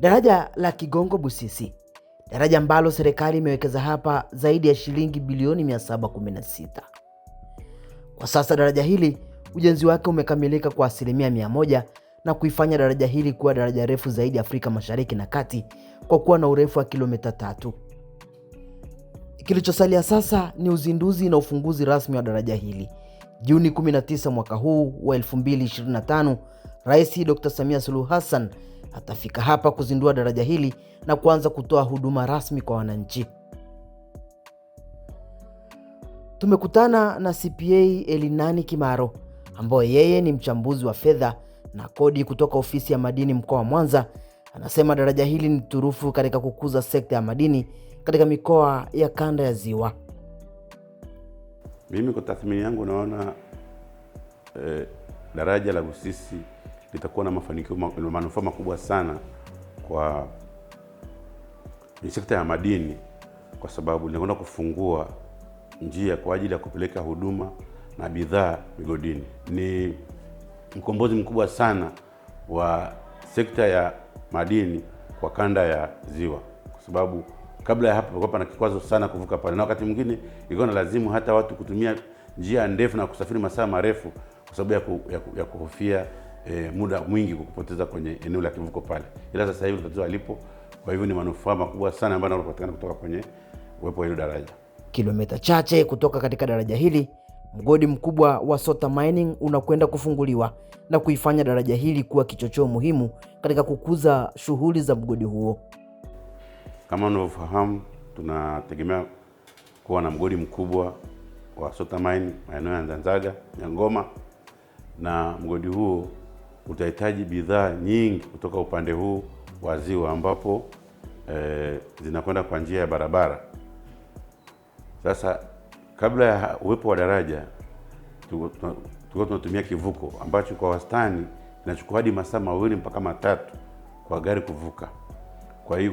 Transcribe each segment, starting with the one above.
Daraja la Kigongo Busisi, daraja ambalo serikali imewekeza hapa zaidi ya shilingi bilioni 716. Kwa sasa daraja hili ujenzi wake umekamilika kwa asilimia mia moja na kuifanya daraja hili kuwa daraja refu zaidi Afrika Mashariki na Kati kwa kuwa na urefu wa kilomita tatu. Kilichosalia sasa ni uzinduzi na ufunguzi rasmi wa daraja hili. Juni 19 mwaka huu wa 2025, Rais Dr. Samia Suluhu Hassan atafika hapa kuzindua daraja hili na kuanza kutoa huduma rasmi kwa wananchi. Tumekutana na CPA Elinani Kimaro ambaye yeye ni mchambuzi wa fedha na kodi kutoka ofisi ya madini mkoa wa Mwanza. Anasema daraja hili ni turufu katika kukuza sekta ya madini katika mikoa ya kanda ya Ziwa. Mimi kwa tathmini yangu naona eh, daraja la Busisi litakuwa na mafanikio na manufaa makubwa sana kwa sekta ya madini, kwa sababu linakwenda kufungua njia kwa ajili ya kupeleka huduma na bidhaa migodini. Ni mkombozi mkubwa sana wa sekta ya madini kwa kanda ya Ziwa, kwa sababu kabla ya hapo palikuwa pana kikwazo sana kuvuka pale, na wakati mwingine ilikuwa na lazimu hata watu kutumia njia ndefu na kusafiri masaa marefu kwa sababu ya, ku, ya, ku, ya kuhofia e, muda mwingi kwa kupoteza kwenye eneo la kivuko pale, ila sasa hivi tatizo alipo. Kwa hivyo ni manufaa makubwa sana ambayo yanapatikana kutoka kwenye uwepo wa hilo daraja. Kilomita chache kutoka katika daraja hili, mgodi mkubwa wa Sota Mining unakwenda kufunguliwa na kuifanya daraja hili kuwa kichocheo muhimu katika kukuza shughuli za mgodi huo. Kama unavyofahamu, tunategemea kuwa na mgodi mkubwa wa Sota Mine maeneo ya Nzanzaga, Nyangoma na mgodi huo utahitaji bidhaa nyingi kutoka upande huu wa ziwa ambapo e, zinakwenda kwa njia ya barabara. Sasa kabla ya uwepo wa daraja tulikuwa tunatumia kivuko ambacho kwa wastani inachukua hadi masaa mawili mpaka matatu kwa gari kuvuka. Kwa hiyo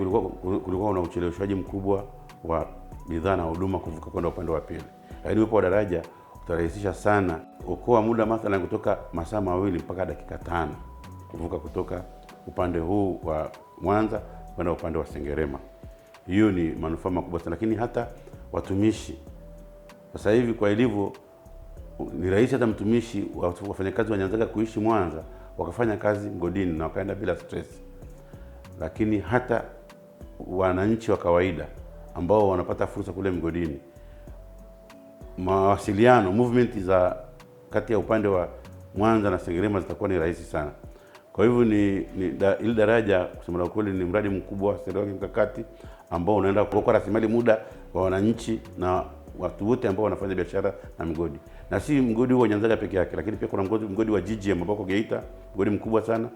kulikuwa una ucheleweshaji mkubwa wa bidhaa na huduma kuvuka kwenda upande wa pili, lakini uwepo wa daraja tutarahisisha sana, okoa muda mathalan kutoka masaa mawili mpaka dakika tano kuvuka kutoka upande huu wa Mwanza kwenda upande wa Sengerema. Hiyo ni manufaa makubwa sana, lakini hata watumishi sasa hivi kwa ilivyo ni rahisi hata mtumishi, wafanyakazi wanyanzaga kuishi Mwanza wakafanya kazi mgodini na wakaenda bila stress, lakini hata wananchi wa kawaida ambao wanapata fursa kule mgodini mawasiliano movement za kati ya upande wa Mwanza na Sengerema zitakuwa ni rahisi sana. Kwa hivyo ni, ni da, ili daraja kusema kweli ni mradi mkubwa wa serikali mkakati ambao unaenda kuokoa rasilimali muda wa wananchi na watu wote ambao wanafanya biashara na mgodi, na si mgodi wa Nyanzaga peke yake, lakini pia kuna mgodi, mgodi wa GGM ambao Geita, mgodi mkubwa sana.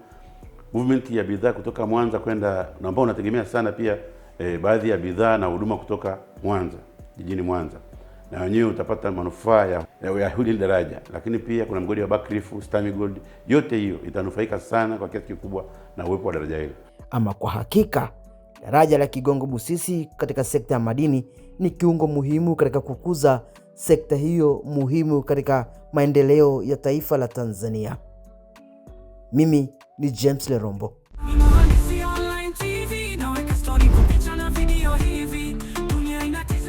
Movement ya bidhaa kutoka Mwanza kwenda ambao unategemea sana pia eh, baadhi ya bidhaa na huduma kutoka Mwanza jijini Mwanza na wenyewe utapata manufaa ya, ya hili daraja, lakini pia kuna mgodi wa Buckreef, Stami Gold, yote hiyo itanufaika sana kwa kiasi kikubwa na uwepo wa daraja hili. Ama kwa hakika daraja la Kigongo Busisi katika sekta ya madini ni kiungo muhimu katika kukuza sekta hiyo muhimu katika maendeleo ya taifa la Tanzania. Mimi ni James Lerombo.